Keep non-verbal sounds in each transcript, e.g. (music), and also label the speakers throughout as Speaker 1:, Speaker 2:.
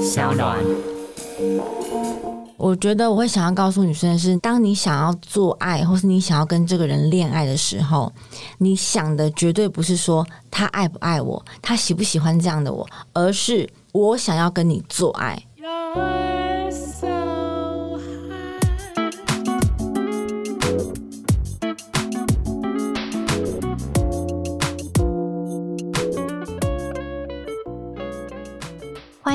Speaker 1: 小暖，我覺得我會想要告訴女生的是，當你想要做愛，或是你想要跟這個人戀愛的時候，你想的絕對不是說他愛不愛我，他喜不喜歡這樣的我，而是我想要跟你做愛。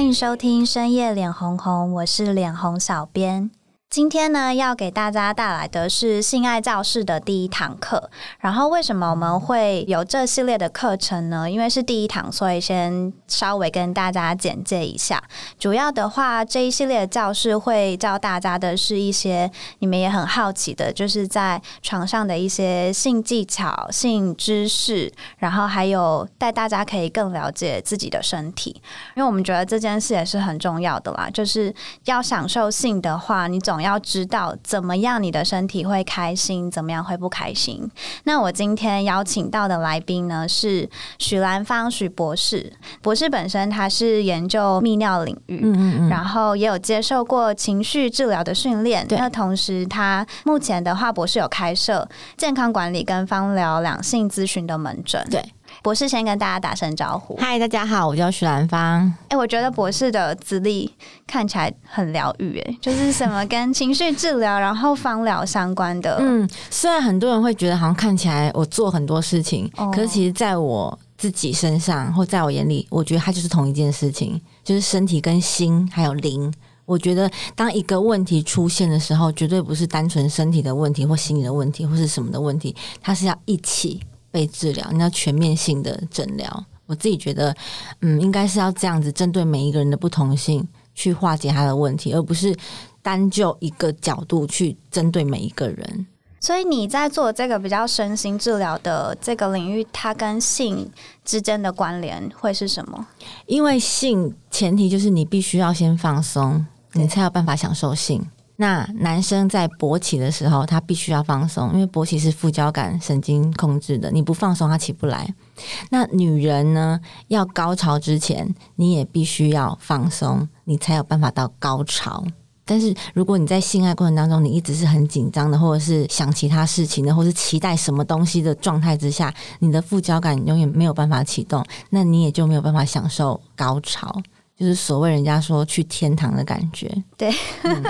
Speaker 2: 歡迎收聽深夜臉紅紅，我是臉紅小編。今天呢，要給大家帶來的是性愛教室的第一堂課。然後，為什麼我們會有這系列的課程呢？因為是第一堂，所以先稍微跟大家簡介一下。主要的話，這一系列教室會教大家的是一些你們也很好奇的，就是在床上的一些性技巧、性知識，然後還有帶大家可以更了解自己的身體，因為我們覺得這件事也是很重要的啦。就是要享受性的話，你總我們要知道怎麼樣你的身體會開心，怎麼樣會不開心？那我今天邀請到的來賓呢，是許藍方許博士，博士本身他是研究泌尿領域，嗯嗯嗯，然後也有接受過情緒治療的訓練，那同時他目前的話，博士有開設健康管理跟芳療兩性諮詢的門診，對。博士先跟大家打聲招呼。
Speaker 1: 嗨，大家好，我叫許藍方。
Speaker 2: 哎、欸，我覺得博士的資歷看起來很療癒，哎，就是什麼跟情緒治療， (laughs) 然後芳療
Speaker 1: 相關的。嗯，雖然很多人會覺得好像看起來我做很多事情，oh. 可是其實在我自己身上，或在我眼裡，我覺得它就是同一件事情，就是身體跟心還有靈。我覺得當一個問題出現的時候，絕對不是單純身體的問題，或心理的問題，或是什麼的問題，它是要一起。被治療，你要全面性的診療。我自己覺得，嗯，應該是要這樣子，針對每一個人的不同性去化解他的問題，而不是單就一個角度去針對每一個人。
Speaker 2: 所以你在做這個比較身心治療的這個領域，它跟性之間的關聯會是什麼？
Speaker 1: 因為性前提就是你必須要先放鬆，你才有辦法享受性。那男生在勃起的時候，他必須要放鬆，因為勃起是副交感神經控制的，你不放鬆，他起不來。那女人呢，要高潮之前，你也必須要放鬆，你才有辦法到高潮。但是如果你在性愛過程當中，你一直是很緊張的，或者是想其他事情的，或是期待什麼東西的狀態之下，你的副交感永遠沒有辦法啟動，那你也就沒有辦法享受高潮，就是所謂人家說去天堂的感覺。
Speaker 2: 對。嗯。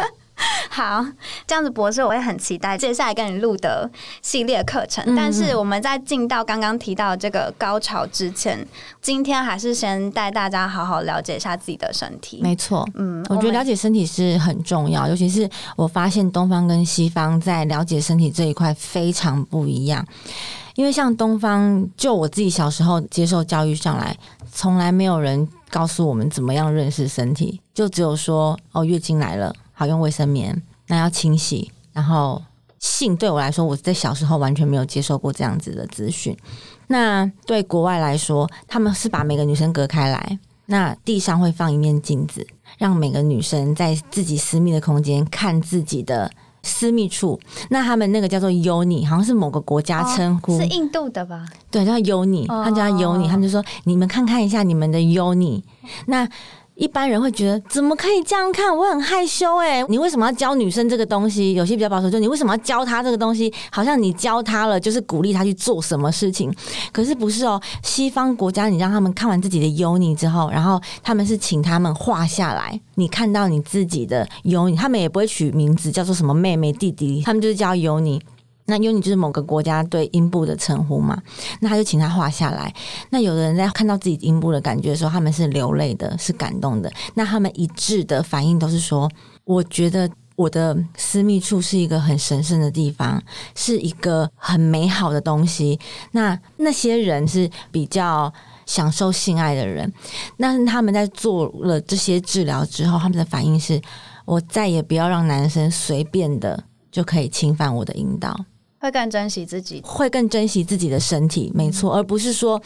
Speaker 2: 好，這樣子，博士，我也很期待接下來跟你錄的系列課程，嗯。但是我們在進到剛剛提到這個高潮之前，今天還是先帶大家好好了解一下自己的身體。沒
Speaker 1: 錯，嗯，我，我覺得了解身體是很重要，尤其是我發現東方跟西方在了解身體這一塊非常不一樣。因為像東方，就我自己小時候接受教育上來，從來沒有人告訴我們怎麼樣認識身體，就只有說哦，月經來了。好，用衛生棉，那要清洗。然後性對我來說，我在小時候完全沒有接受過這樣子的資訊。那對國外來說，他們是把每個女生隔開來，那地上會放一面鏡子，讓每個女生在自己私密的空間看自己的私密處。那他們那個叫做 “Yoni”，好像是某個國家稱呼、哦，是印度的吧？對，叫 Yoni，他們叫 “Yoni”，哦，他們就說：“你們看看一下你們的 Yoni。”那一般人會覺得怎麼可以這樣看？我很害羞誒、欸，你為什麼要教女生這個東西？有些比較保守，就你為什麼要教她這個東西？好像你教她了，就是鼓勵她去做什麼事情。可是不是哦，西方國家你讓他們看完自己的優尼之後，然後他們是請他們畫下來。你看到你自己的優尼，他們也不會取名字，叫做什麼妹妹弟弟，他們就是叫優尼。那尤尼就是某個國家對陰部的稱呼嘛？那他就請他畫下來。那有的人在看到自己陰部的感覺的時候，他們是流淚的，是感動的。那他們一致的反應都是說：“我覺得我的私密處是一個很神聖的地方，是一個很美好的東西。”那那些人是比較享受性愛的人。那他們在做了這些治療之後，他們的反應是：“我再也不要讓男生隨便的就可以侵犯我的陰道。”
Speaker 2: 會更珍惜自己，
Speaker 1: 會更珍惜自己的身體，沒錯、嗯，而不是說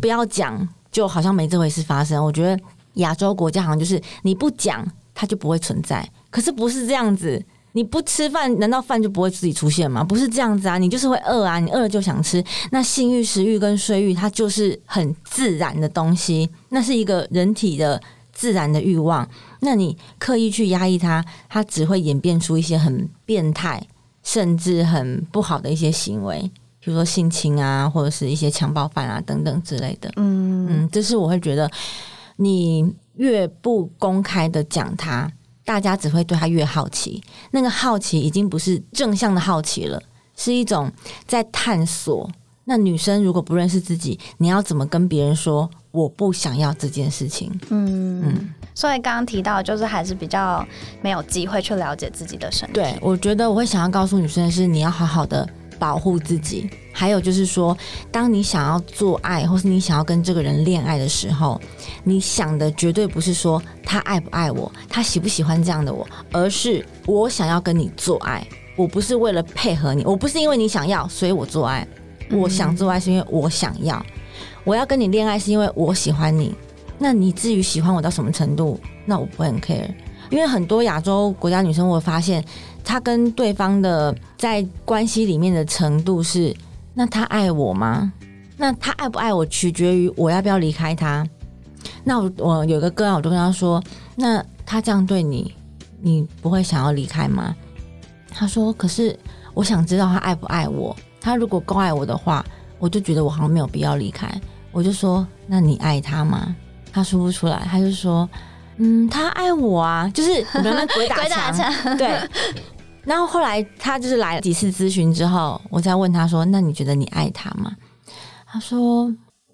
Speaker 1: 不要講，就好像沒這回事發生。我覺得亞洲國家好像就是你不講，它就不會存在。可是不是這樣子，你不吃飯，難道飯就不會自己出現嗎？不是這樣子啊，你就是會餓啊，你餓了就想吃。那性欲、食欲跟睡欲，它就是很自然的東西，那是一個人體的自然的欲望。那你刻意去壓抑它，它只會演變出一些很變態。甚至很不好的一些行為，比如說性侵啊，或者是一些強暴犯啊等等之類的。嗯嗯，這是我會覺得，你越不公開的講他，大家只會對他越好奇。那個好奇已經不是正向的好奇了，是一種在探索。那女生如果不認識自己，你要怎麼跟別人說？我不想要這件事情。嗯嗯，所以剛剛提
Speaker 2: 到，就是還是比較沒有機會去了解自己的身體。對，
Speaker 1: 我覺得我會想要告訴女生的是，你要好好的保護自己。還有就是說，當你想要做愛，或是你想要跟這個人戀愛的時候，你想的絕對不是說他愛不愛我，他喜不喜歡這樣的我，而是我想要跟你做愛。我不是為了配合你，我不是因為你想要，所以我做愛。嗯。我想做愛是因為我想要。我要跟你戀愛是因為我喜歡你，那你至於喜歡我到什麼程度，那我不會很 care。因為很多亞洲國家女生，我發現她跟對方的在關係裡面的程度是：那他愛我嗎？那他愛不愛我取決於我要不要離開他。那我我有一個哥啊，我就跟他說：那他這樣對你，你不會想要離開嗎？他說：可是我想知道他愛不愛我。他如果夠愛我的話，我就覺得我好像沒有必要離開。我就說，那你愛他嗎？他說不出來，他就說，嗯，他愛我啊，就是我們鬼打牆。對。 (laughs) 然後後來他就是來了幾次諮詢之後，我再問他說，那你覺得你愛他嗎？他說，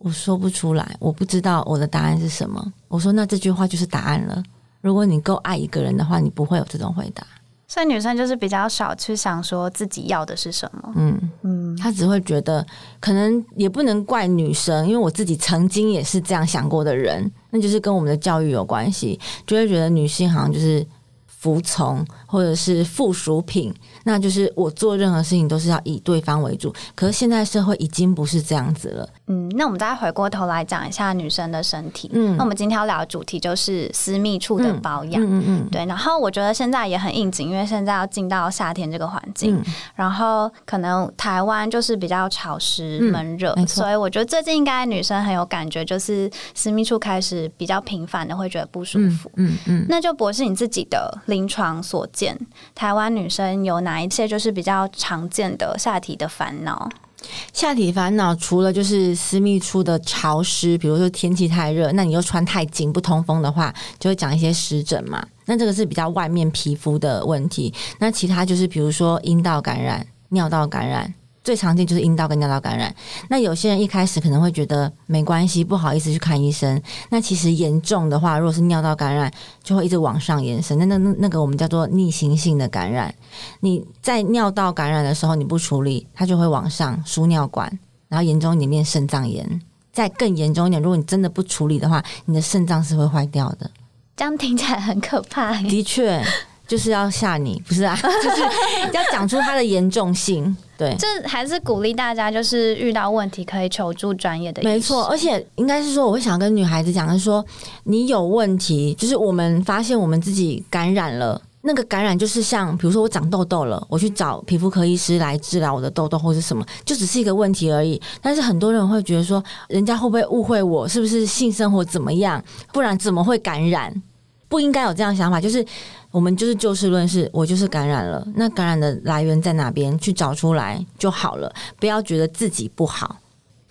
Speaker 1: 我說不出來，我不知道我的答案是什麼。我說，那這句話就是答案了。如果你夠愛一個人的話，你不會有這種回答。
Speaker 2: 所以女生就是比較少去想說自己要的是什
Speaker 1: 麼。嗯嗯。他只會覺得，可能也不能怪女生，因為我自己曾經也是這樣想過的人，那就是跟我們的教育有關係，就會覺得女性好像就是服從。或者是附屬品，那就是我做任何事情都是要以對方為主。可是現在社會已經不是這樣子了。嗯，那我們
Speaker 2: 再回過頭來講一下女生的身體。嗯，那我們今天要聊的主題就是私密處的保養。嗯嗯,嗯。對，然後我覺得現在也很應景，因為現在要進到夏天這個環境，嗯，然後可能台灣就是比較潮濕悶熱，所以我覺得最近應該女生很有感覺，就是私密處開始比較頻繁的會覺得不舒服。嗯嗯,
Speaker 1: 嗯。
Speaker 2: 那就博士，你自己的臨床所。台灣女生有哪一些，就是比較常見的下體的煩惱？
Speaker 1: 下體煩惱，除了就是私密處的潮濕，比如說天氣太熱，那你又穿太緊不通風的話，就會講一些濕疹嘛。那這個是比較外面皮膚的問題。那其他就是比如說陰道感染、尿道感染。最常見就是陰道跟尿道感染，那有些人一開始可能會覺得沒關係，不好意思去看醫生。那其實嚴重的話，如果是尿道感染，就會一直往上延伸。那那那那個我們叫做逆行性的感染。你在尿道感染的時候，你不處理，它就會往上輸尿管，然後嚴重一點，腎臟炎。再更嚴重一點，如果你真的不處理的話，你的腎臟是會壞掉的。這樣聽起來很可怕欸。的確。就是要嚇你，不是啊？就是要講出它的嚴重性。對，這
Speaker 2: 還是鼓勵大家，就是遇到問題可以求助專業的。沒
Speaker 1: 錯，而且應該是說，我會想跟女孩子講，的說你有問題，就是我們發現我們自己感染了，那個感染就是像，比如說我長痘痘了，我去找皮膚科醫師來治療我的痘痘或是什麼，就只是一個問題而已。但是很多人會覺得說，人家會不會誤會我？是不是性生活怎麼樣？不然怎麼會感染？不應該有這樣想法，就是。我們就是就事論事，我就是感染了，那感染的來源在哪邊，去找出來就好了，不要覺得自己不好。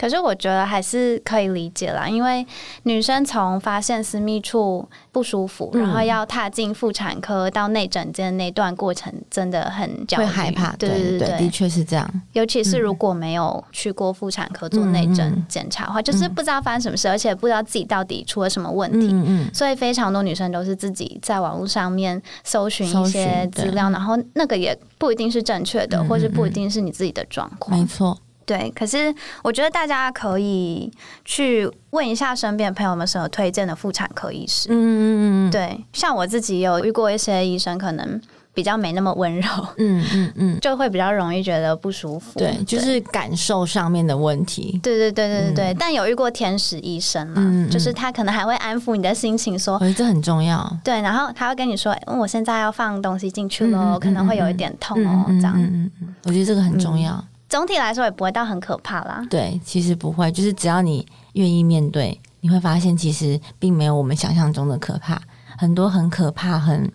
Speaker 2: 可是我覺得還是可以理解啦，因為女生從發現私密處不舒服，嗯、然後要踏進婦產科到內診間的那段過程，真的很會害怕。對對對，對，對，對，的確
Speaker 1: 是這樣。
Speaker 2: 尤其是如果沒有去過婦產科做內診檢查的話，或、嗯、就是不知道發生什麼事、嗯，而且不知道自己到底出了什麼問題，嗯嗯嗯嗯、所以非常多女生都是自己在網絡上面搜尋一些資料，然後那個也不一定是正確的、嗯，或是不一定是你自己的狀況，沒錯。對，可是我覺得大家可以去問一下身邊朋友們所推薦的婦產科醫師，嗯嗯嗯，對，像我自己有遇過一些醫生，可能比較沒那麼溫柔。嗯嗯嗯，就會比較容易覺得不舒服對。對，就是
Speaker 1: 感受上面的問題。
Speaker 2: 對對對對對對、嗯，但有遇過天使醫生嘛，嗯嗯、就是他可能還會安撫你的心情說，說
Speaker 1: 這很重要。
Speaker 2: 對，然後他會跟你說：“欸、我現在要放東西進去了、嗯，可能會有一點痛哦、喔。嗯”這樣，嗯，我覺得這個很重要。嗯總體來說也不會到很可怕啦。
Speaker 1: 對，其實不會，就是只要你願意面對，你會發現其實並沒有我們想象中的可怕。很多很可怕、很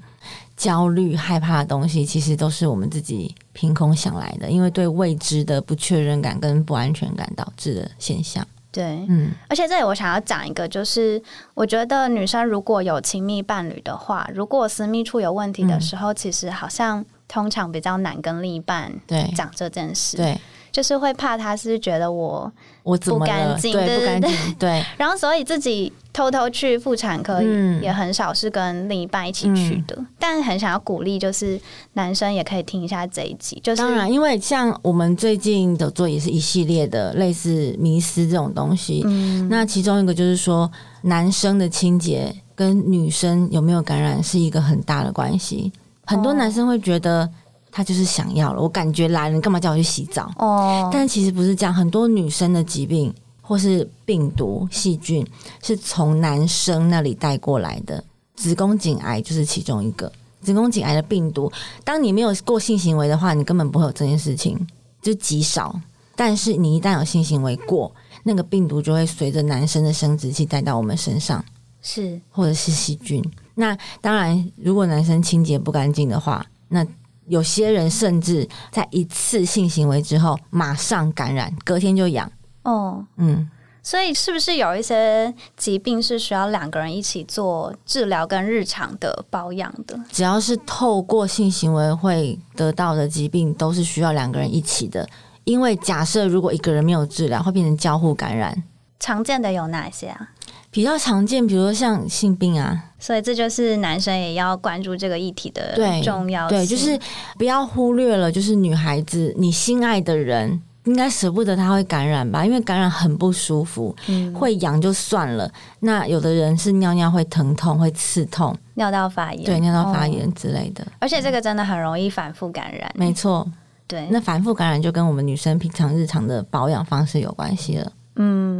Speaker 1: 焦慮、害怕的東西，其實都是我們自己憑空想來的，因為對未知的不確認感跟不安全感導致的現象。
Speaker 2: 對，嗯。而且這裡我想要講一個，就是我覺得女生如果有親密伴侶的話，如果私密處有問題的時候，嗯、其實好像。通常比較難跟另一半講這件事對，對，就是會怕他是覺得我我不乾淨，對，對，不，對不乾淨，對。然後所以自己偷偷去婦產科也、嗯，也很少是跟另一半一起去的。嗯、但很想要鼓勵，就是男生也可以聽一下這一集。就是、當然，
Speaker 1: 因為像我們最近有做也是一系列的類似迷思這種東西、嗯。那其中一個就是說，男生的清潔跟女生有沒有感染是一個很大的關係。很多男生會覺得他就是想要了，oh. 我感覺來了，你幹嘛叫我去洗澡？哦、oh.，但其實不是這樣。很多女生的疾病或是病毒、細菌是從男生那裡帶過來的。子宮頸癌就是其中一個。子宮頸癌的病毒，當你沒有過性行為的話，你根本不會有這件事情，就極少。但是你一旦有性行為過，嗯、那個病毒就會隨着男生的生殖器帶到我們身上，是或者是細菌。那當然，如果男生清潔不乾淨的話，那有些人甚至在一次性行為之後馬上感染，隔天就癢。
Speaker 2: 哦，嗯，所以是不是有一些疾病是需要兩個人一起做治療跟日常的保養的？
Speaker 1: 只要是透過性行為會得到的疾病，都是需要兩個人一起的。因為假設如果一個人沒有治療，會變成交互感染。
Speaker 2: 常見的有哪些啊？
Speaker 1: 比較常見，比如說像性病啊，
Speaker 2: 所以這就是男生也要關注這個議題的重要性。對，就是
Speaker 1: 不要忽略了，就是女孩子，你心愛的人應該捨不得他會感染吧？因為感染很不舒服，會癢就算了、嗯，那有的人是尿尿會疼痛，會刺痛，尿道
Speaker 2: 發炎，對，尿道發炎
Speaker 1: 之類的、哦。而
Speaker 2: 且這個真的很容易反覆感染、嗯，沒錯。對，那
Speaker 1: 反覆感染就跟我們女生平常日常的保養方式有關係了。
Speaker 2: 嗯。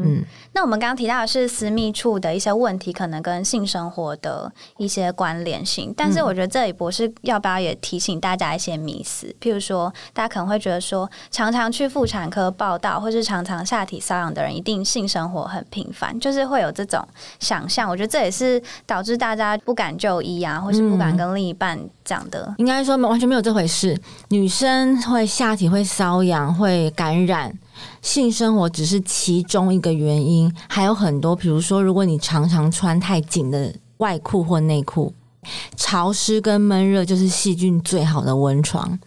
Speaker 2: 那我們剛剛提到的是私密處的一些問題，可能跟性生活的一些關聯性。但是我覺得這裡博士要不要也提醒大家一些迷思，譬如說大家可能會覺得說，常常去婦產科報到或是常常下體瘙癢的人，一定性生活很頻繁，就是會有這種想象。我覺得這也是導致大家不敢就醫啊，或是不敢跟另一半講的。
Speaker 1: 嗯，應該說完全沒有這回事，女生會下體會瘙癢，會感染。性生活只是其中一個原因，還有很多，比如說，如果你常常穿太緊的外褲或內褲，潮濕跟悶熱就是細菌最好的溫床。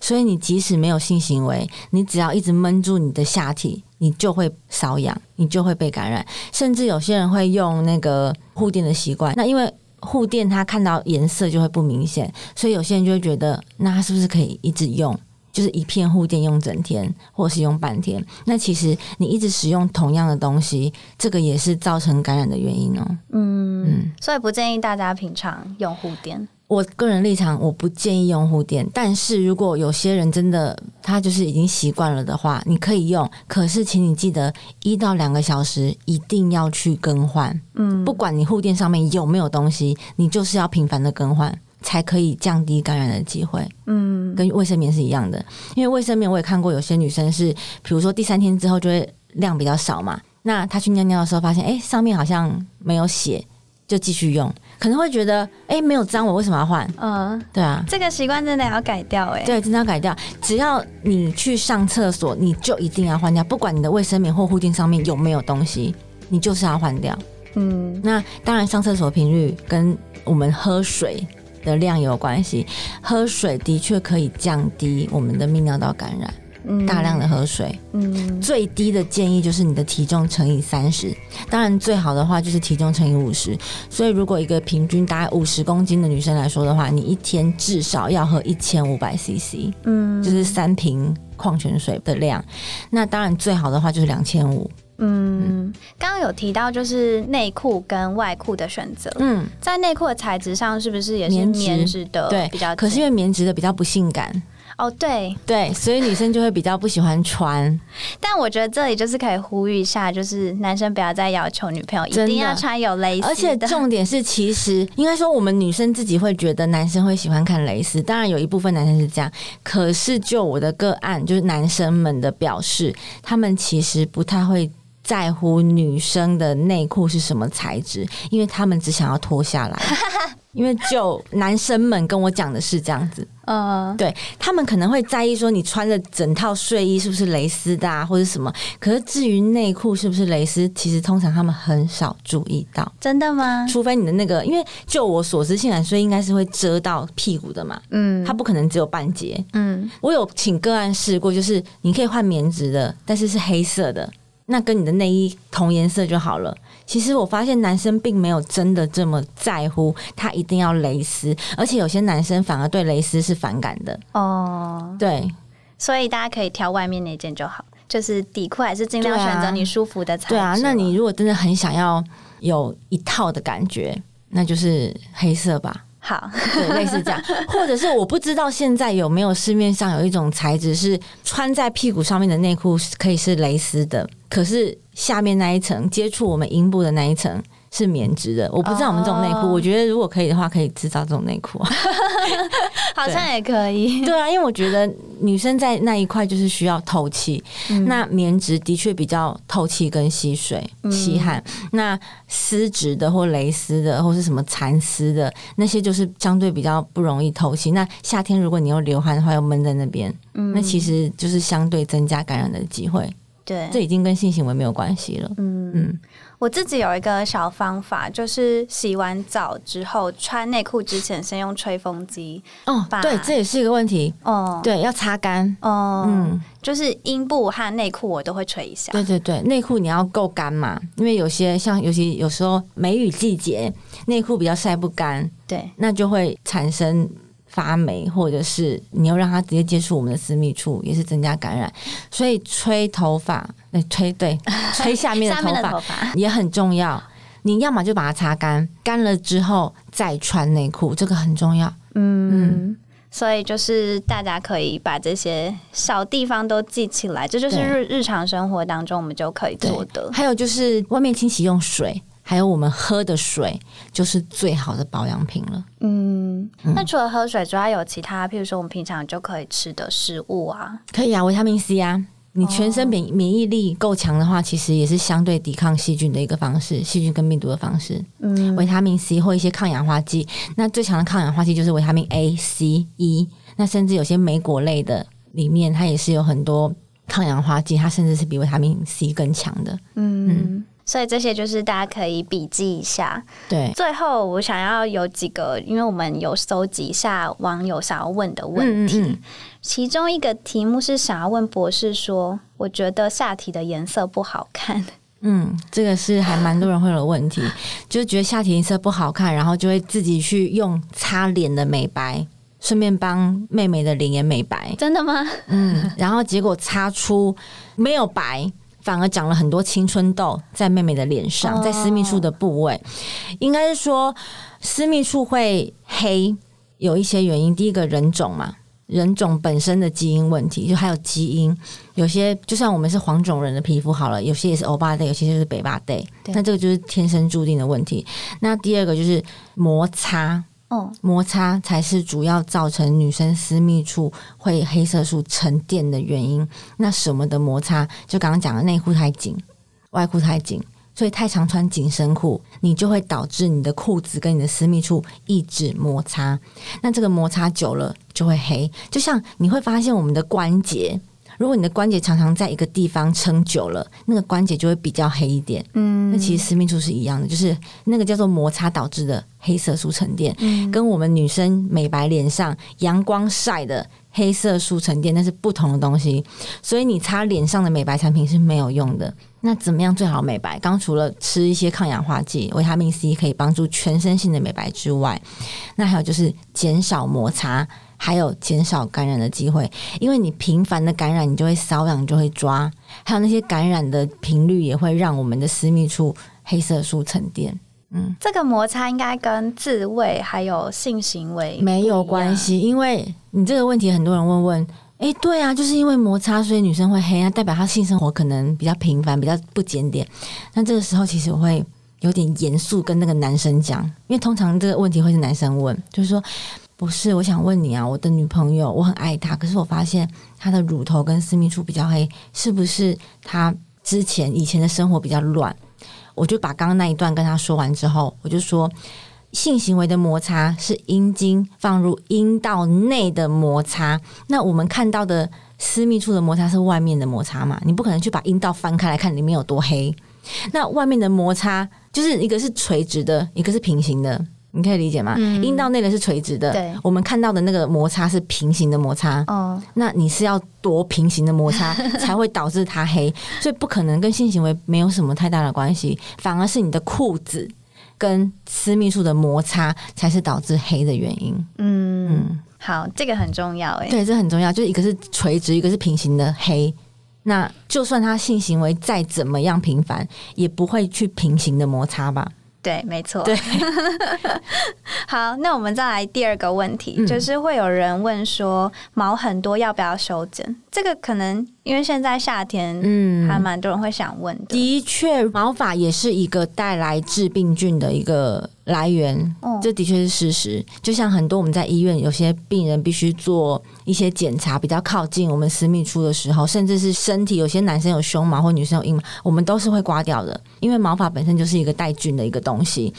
Speaker 1: 所以你即使沒有性行為，你只要一直悶住你的下體，你就會瘙癢，你就會被感染。甚至有些人會用那個護墊的習慣，那因為護墊它看到顏色就會不明顯，所以有些人就會覺得，那它是不是可以一直用？就是一片護墊用整天，或是用半天，那其實你一直使用同樣的東西，這個也是造成感染的原因哦，喔。嗯。
Speaker 2: 嗯，所以不建議大家平常用護墊。
Speaker 1: 我個人立場，我不建議用護墊，但是如果有些人真的他就是已經習慣了的話，你可以用，可是請你記得一到兩個小時一定要去更換。嗯，不管你護墊上面有沒有東西，你就是要頻繁的更換。才可以降低感染的機會。嗯，跟衛生棉是一樣的。因為衛生棉我也看過，有些女生是，比如說第三天之後就會量比較少嘛。那她去尿尿的時候發現，哎，上面好像沒有血，就繼續用。可能會覺得，哎，沒有髒，我為什麼要換？嗯，對啊，這個習慣真的要改掉。哎，對，真的要改掉。只要你去上廁所，你就一定要換掉，不管你的衛生棉或護墊上面有沒有東西，你就是要換掉。嗯，那當然，上廁所頻率跟我們喝水。的量有關係，喝水的確可以降低我們的泌尿道感染。嗯、大量的喝水，嗯，最低的建議就是你的體重乘以三十，當然最好的話就是體重乘以五十。所以如果一個平均大概五十公斤的女生來說的話，你一天至少要喝一千五百 CC，嗯，就是三瓶礦泉水的量。那當然最好的話就是兩千五。
Speaker 2: 嗯，剛剛有提到就是內褲跟外褲的選擇。嗯，在內褲的材質上，是不是也是棉質的、嗯？對，比較
Speaker 1: 可是因為棉質的比較不性感。哦，對對，所以女生就會比較不喜歡穿。
Speaker 2: (laughs) 但我覺得這裡就是可以呼籲一下，就是男生不要再要求女朋友一定要穿有蕾絲。而且重
Speaker 1: 點是，其實應該說我們女生自己會覺得男生會喜歡看蕾絲。當然有一部分男生是這樣，可是就我的個案，就是男生們的表示，他們其實不太會。在乎女生的內褲是什麼材質，因為他們只想要脫下來。 (laughs) 因為就男生們跟我講的是這樣子，嗯， (laughs) 對他們可能會在意說你穿的整套睡衣是不是蕾絲的啊，或者什麼。可是至於內褲是不是蕾絲，其實通常他們很少注意到。真的嗎？除非你的那個，因為就我所知性感睡衣應該是會遮到屁股的嘛。嗯，它不可能只有半截。嗯，我有請個案試過，就是你可以換棉質的，但是是黑色的。那跟你的內衣同顏色就好了。其實我發現男生並沒有真的這麼在乎，他一定要蕾絲，而且有些男生反而對蕾絲是反感的。
Speaker 2: 哦，對，所以大家可以挑外面那件就好，就是底褲還是盡量選擇你
Speaker 1: 舒服的材質。對啊，對啊，那你如果真的很想要有一套的感覺，那就是黑色吧。好，對，類似這樣， (laughs) 或者是我不知道現在有沒有市面上有一種材質是穿在屁股上面的內褲可以是蕾絲的，可是下面那一層接觸我們陰部的那一層是棉質的。我不知道我們這種內褲，oh. 我覺得如果可以的話，可以制造這種內褲。 (laughs) 好像也可以對，對啊，因為我覺得女生在那一塊就是需要透氣、嗯，那棉質的確比較透氣跟吸水、嗯、吸汗。那絲質的或蕾絲的或是什麼蠶絲的那些，就是相對比較不容易透氣。那夏天如果你又流汗的話，又悶在那邊、嗯，那其實就是相對增加感染的機會。對，這已經跟性行為沒有關係了。嗯嗯。
Speaker 2: 我自己有一個小方法，就是洗完澡之後穿內褲之前，先用吹風機。
Speaker 1: 哦，把，對，這也是一個問題。哦，對，要擦乾。哦，嗯，
Speaker 2: 就是陰部和內褲我都會吹一下。對
Speaker 1: 對對，內褲你要夠乾嘛？因為有些像尤其有時候梅雨季節，內褲比較曬不乾。對，那就會產生。發霉，或者是你要讓它直接接觸我們的私密處，也是增加感染。所以吹頭髮，哎、欸，吹對，吹下面的頭髮也很重要。你要麼就把它擦乾，乾了之後再穿內褲，這個很重要嗯。嗯，
Speaker 2: 所以就是大家可以把這些小地方都記起來，這就是日日常生活當中我們就可以做的。
Speaker 1: 還有就是外面清洗用水。還有我們喝的水，就是最好的保養品
Speaker 2: 了。嗯，那除了喝水之外，還有其他，譬如說我們平常就可以吃的食物啊，
Speaker 1: 可以啊，維他命 C 啊，你全身免免疫力夠強的話、哦，其實也是相對抵抗細菌的一個方式，細菌跟病毒的方式。嗯，維他命 C 或一些抗氧化劑，那最強的抗氧化劑就是維他命 A、C、E，那甚至有些莓果類的裡面，它也是有很多抗氧化劑，它甚至是比維他命 C 更強的。
Speaker 2: 嗯。嗯所以這些就是大家可以筆記一下。對，最後我想要有幾個，因為我們有蒐集一下網友想要問的問題。嗯嗯。其中一個題目是想要問博士說，我覺得下體的顏色不好看。嗯，
Speaker 1: 這個是還蠻多人會有問題， (laughs) 就是覺得下體顏色不好看，然後就會自己去用擦臉的美白，順便幫妹妹的臉也美白。真的嗎？嗯。 (laughs) 然後結果擦出沒有白。反而長了很多青春痘，在妹妹的臉上，在私密處的部位，oh. 應該是說私密處會黑，有一些原因。第一個人種嘛，人種本身的基因問題，就還有基因，有些就像我們是黃種人的皮膚好了，有些也是歐巴的，有些就是北巴的，那這個就是天生注定的問題。那第二個就是摩擦。哦，摩擦才是主要造成女生私密處會黑色素沉澱的原因。那什麼的摩擦？就剛剛講的，內褲太緊，外褲太緊，所以太常穿緊身褲，你就會導致你的褲子跟你的私密處一直摩擦。那這個摩擦久了就會黑，就像你會發現我們的關節。如果你的關節常常在一個地方撐久了，那個關節就會比較黑一點。嗯，那其實私密處是一樣的，就是那個叫做摩擦導致的黑色素沉澱，嗯，跟我們女生美白臉上陽光曬的黑色素沉澱那是不同的東西。所以你擦臉上的美白產品是沒有用的。那怎麼樣最好美白？剛除了吃一些抗氧化劑，維他命 C 可以幫助全身性的美白之外，那還有就是減少摩擦。還有減少感染的機會，因為你頻繁的感染，你就會瘙癢，你就會抓，還有那些感染的頻率也會讓我們的私密處黑色素沉澱。嗯，這個摩擦應該跟自慰還有性行為沒有關係，因為你這個問題很多人問問，哎，對啊，就是因為摩擦，所以女生會黑，啊，代表她性生活可能比較頻繁，比較不檢點。那這個時候其實我會有點嚴肅跟那個男生講，因為通常這個問題會是男生問，就是說。不是，我想問你啊，我的女朋友，我很愛她，可是我發現她的乳頭跟私密處比較黑，是不是她之前以前的生活比較亂？我就把剛剛那一段跟她說完之後，我就說，性行為的摩擦是陰莖放入陰道內的摩擦，那我們看到的私密處的摩擦是外面的摩擦嘛？你不可能去把陰道翻開來看裡面有多黑。那外面的摩擦就是一個是垂直的，一個是平行的。你可以理解嗎？陰、嗯、道那個是垂直的對，我們看到的那個摩擦是平行的摩擦。哦，那你是要多平行的摩擦才會導致它黑， (laughs) 所以不可能跟性行為沒有什麼太大的關係，反而是你的褲子跟私密處的摩擦才是導致黑的原因。嗯，
Speaker 2: 嗯好，這個很重要誒、欸。對，這
Speaker 1: 很重要，就是一個是垂直，一個是平行的黑。那就算他性行為再怎麼樣頻繁，也不會去平行的摩擦吧？
Speaker 2: 對，沒錯。對， (laughs) 好，那我們再來第二個問題，嗯，就是會有人問說毛很多要不要修剪？這個可能。因為現在夏天，嗯，還蠻多人會想問
Speaker 1: 的，嗯。的確，毛髮也是一個帶來致病菌的一個來源，嗯、這的確是事實。就像很多我們在醫院，有些病人必須做一些檢查，比較靠近我們私密處的時候，甚至是身體，有些男生有胸毛或女生有陰毛，我們都是會刮掉的，因為毛髮本身就是一個帶菌的一個東西。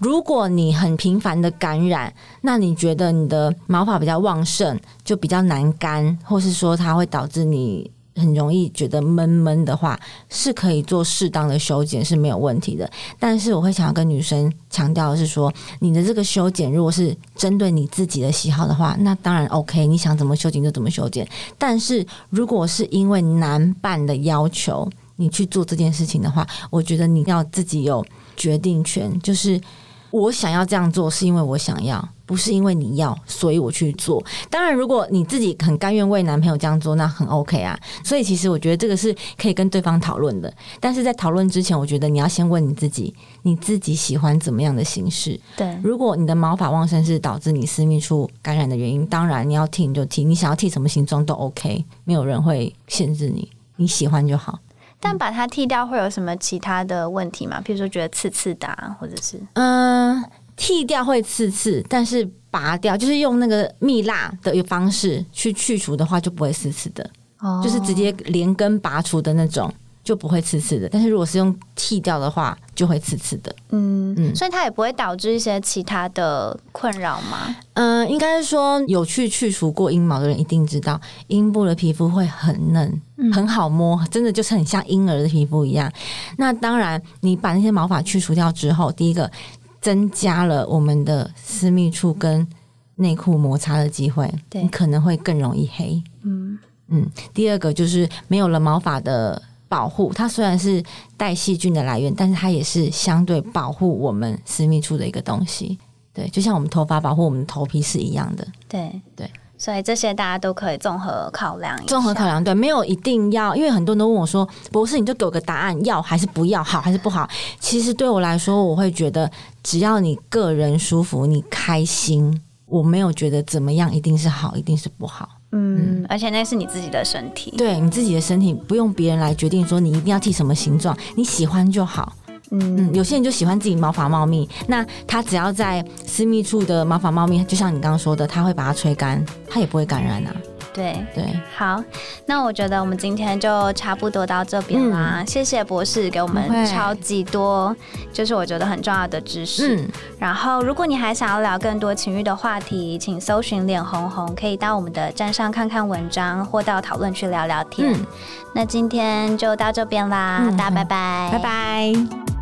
Speaker 1: 如果你很頻繁的感染，那你覺得你的毛髮比較旺盛，就比較難乾，或是說它會導致你。很容易覺得悶悶的話，是可以做適當的修剪是沒有問題的。但是我會想要跟女生強調的是說，你的這個修剪如果是針對你自己的喜好的話，那當然 OK，你想怎麼修剪就怎麼修剪。但是如果是因為男伴的要求，你去做這件事情的話，我覺得你要自己有決定權。就是我想要這樣做，是因為我想要。不是因為你要，所以我去做。當然，如果你自己很甘願為男朋友這樣做，那很 OK 啊。所以，其實我覺得這個是可以跟對方討論的。但是在討論之前，我覺得你要先問你自己，你自己喜歡怎麼樣的形式？對，如果你的毛髮旺盛是導致你私密處感染的原因，當然你要剃你就剃，你想要剃什麼形狀都 OK，沒有人會限制你，你喜歡就好。
Speaker 2: 但把它剃掉會有什麼其他的問題嗎？譬如說覺得刺刺的，或者是
Speaker 1: 嗯。剃掉會刺刺，但是拔掉就是用那個蜜蠟的一個方式去去除的話，就不會刺刺的。
Speaker 2: 哦，就是直接
Speaker 1: 連根拔除的那種，就不會刺刺的。但是如果是用剃掉的話，就會刺刺的。嗯
Speaker 2: 嗯，所以它也不會導致一些其他的困擾嗎？嗯、
Speaker 1: 呃，應該是說有去去除過陰毛的人一定知道，陰部的皮膚會很嫩、嗯，很好摸，真的就是很像嬰兒的皮膚一樣。那當然，你把那些毛髮去除掉之後，第一個。增加了我們的私密處跟內褲摩擦的機會，對，你可能會更容易黑。嗯嗯，第二個就是沒有了毛髮的保護，它雖然是帶細菌的來源，但是它也是相對保護我們私密處的一個東西。對，就像我們頭髮保護我們頭皮是一樣的。對對。
Speaker 2: 所以這些大家都可以綜合考量一下，綜合考量
Speaker 1: 對，沒有一定要，因為很多人都問我說：“博士，你就給我個答案，要還是不要，好還是不好？”其實對我來說，我會覺得只要你個人舒服、你開心，我沒有覺得怎麼樣一定是好，一定是不好
Speaker 2: 嗯。嗯，而且那是你自己的身體，對
Speaker 1: 你自己的身體不用別人來決定，說你一定要剃什麼形狀，你喜歡就好。嗯嗯，有些人就喜歡自己毛髮茂密，那他只要在私密處的毛髮茂密，就像你剛剛說的，他會把它吹乾，他也不會感染啊。嗯、對對，
Speaker 2: 好，那我覺得我們今天就差不多到這邊啦。嗯，謝謝博士給我們超級多，就是我覺得很重要的知識。嗯，然後如果你還想要聊更多情欲的話題，請搜尋臉紅紅，可以到我們的站上看看文章，或到討論區聊聊天。嗯，那今天就到這邊啦。嗯，大家拜拜，拜拜。